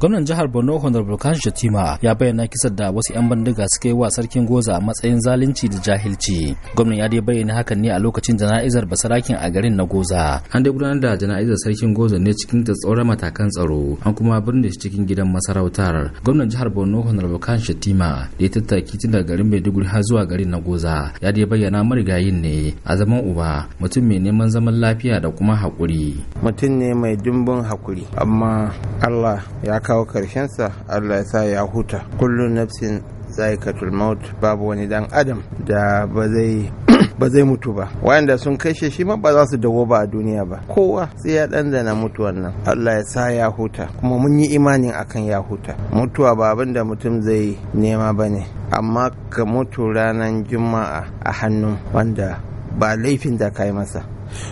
gwamnan jihar borno honorable kan shatima ya bayyana kisar da wasu 'yan bandiga suka yi wa sarkin goza a matsayin zalunci da jahilci gwamnan ya dai bayyana hakan ne a lokacin jana'izar basarakin a garin na goza an dai gudanar da jana'izar sarkin goza ne cikin tsoron matakan tsaro an kuma birne shi cikin gidan masarautar gwamnan jihar borno honorable kan shatima da ya tattaki tun daga garin maiduguri har zuwa garin na goza ya dai bayyana marigayin ne a zaman uba mutum mai neman zaman lafiya da kuma haƙuri mutum ne mai dimbin haƙuri amma allah ya kawo sa allah ya sa ya huta kullum nafsin zaikatul maut babu wani dan adam da ba zai ba zai mutu ba wayanda sun kashe shi ma ba za su dawo ba a duniya ba kowa sai ya na mutu wannan. Allah ya sa ya huta kuma mun yi imanin akan ya huta mutuwa ba abin da mutum zai nema bane amma ka mutu ranar juma'a a hannun wanda ba laifin da kai masa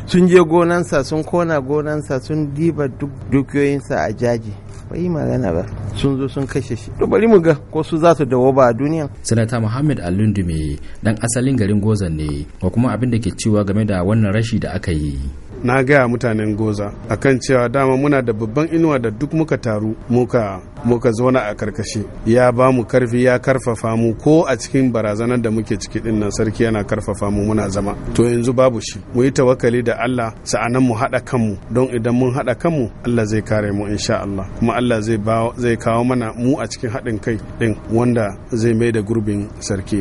sun je gonansa sun kona gonansa sun diba dukiyoyinsa a jaji ba yi magana ba sun zo sun kashe shi to bari mu ga ko su za su dawo ba a duniya sanata muhammad alundumi dan asalin garin gozan ne ko kuma abin da ke cewa game da wannan rashi da aka yi na gaya mutanen goza akan cewa dama muna da babban inuwa da duk muka taru muka muka zauna a karkashi ya ba mu karfi ya karfafa mu ko a cikin barazanar da muke ciki din nan sarki yana karfafa mu muna zama to yanzu babu shi mu yi tawakkali da Allah sa'anan mu haɗa kanmu don idan mun haɗa kanmu Allah zai kare mu insha Allah kuma Allah zai zai kawo mana mu a cikin haɗin kai din wanda zai mai da gurbin sarki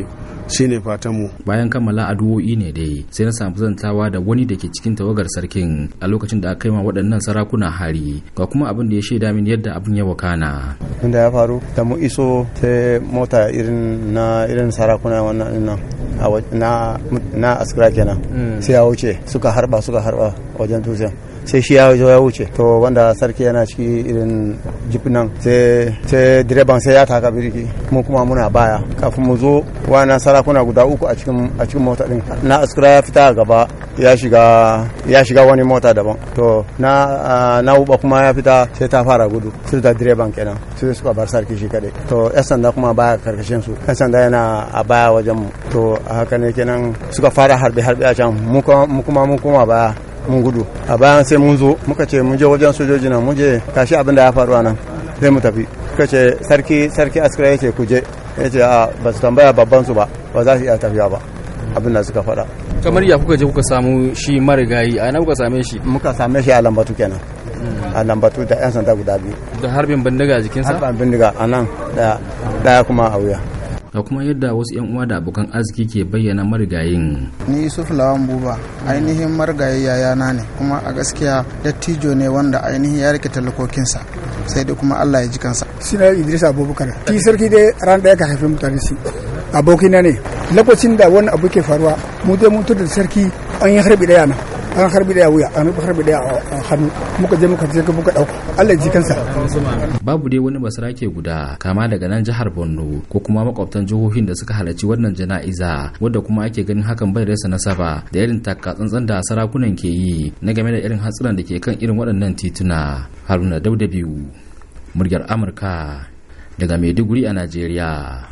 shine fatan mu bayan kammala addu'o'i ne dai sai na samu zantawa da wani da ke cikin tawagar sarki yankin a lokacin da aka yi wa waɗannan sarakuna hari ga kuma abin da ya shaida min yadda abin ya wakana inda ya faru da mu iso ta mota irin na irin sarakuna wannan nan na na askira kenan hmm. sai ya wuce suka harba suka harba wajen dutsen sai shi ya zo ya wuce to wanda sarki yana ciki irin jip nan sai direban sai ya taka birki mu kuma muna baya kafin mu zo wani sarakuna guda uku a cikin mota din na askura ya fita gaba ya shiga wani mota daban to na na uba kuma ya fita sai ta fara gudu sai da direban kenan sai suka bar sarki shi kadai to yan sanda kuma baya karkashin su yan sanda yana a baya wajen mu to haka ne kenan suka fara harbe harbe a can mu kuma mu kuma baya mun gudu a bayan sai mun zo muka ce mun je wajen sojoji na mun je tashi abin da ya faru nan sai mu tafi suka ce sarki sarki askira yake ce ku je ya ce a ba su tambaya babban su ba ba za su iya tafiya ba abin da suka faɗa kamar ya kuka je kuka samu shi marigayi a ina kuka same shi muka same shi a lambatu kenan a lambatu da yan sanda guda biyu da harbin bindiga a jikinsa harbin bindiga a nan daya kuma a wuya da kuma yadda wasu 'yan uwa da abokan arziki ke bayyana marigayin. Ni Yusuf Lawan Buba, ainihin marigayi yayana ne, kuma a gaskiya dattijo ne wanda ainihin ya rike talakokinsa. sai dai kuma Allah ya ji kansa. Sina Idris Abubakar, ki sarki dai ran da ka haifi mutane shi. Abokina ne, lokacin da wani abu ke faruwa, mu dai mun da sarki an yi harbi daya na. an harbi daya wuya an harbi daya a muka je muka je muka dauka Allah ji kansa babu dai wani basarake guda kama daga nan jihar Borno ko kuma makwabtan jihohin da suka halarci wannan jana'iza wadda kuma ake ganin hakan bai rasa nasaba da irin takka tsantsan da sarakunan ke yi na game da irin hatsuran da ke kan irin waɗannan tituna Haruna Dauda biyu muryar Amurka daga Maiduguri a Najeriya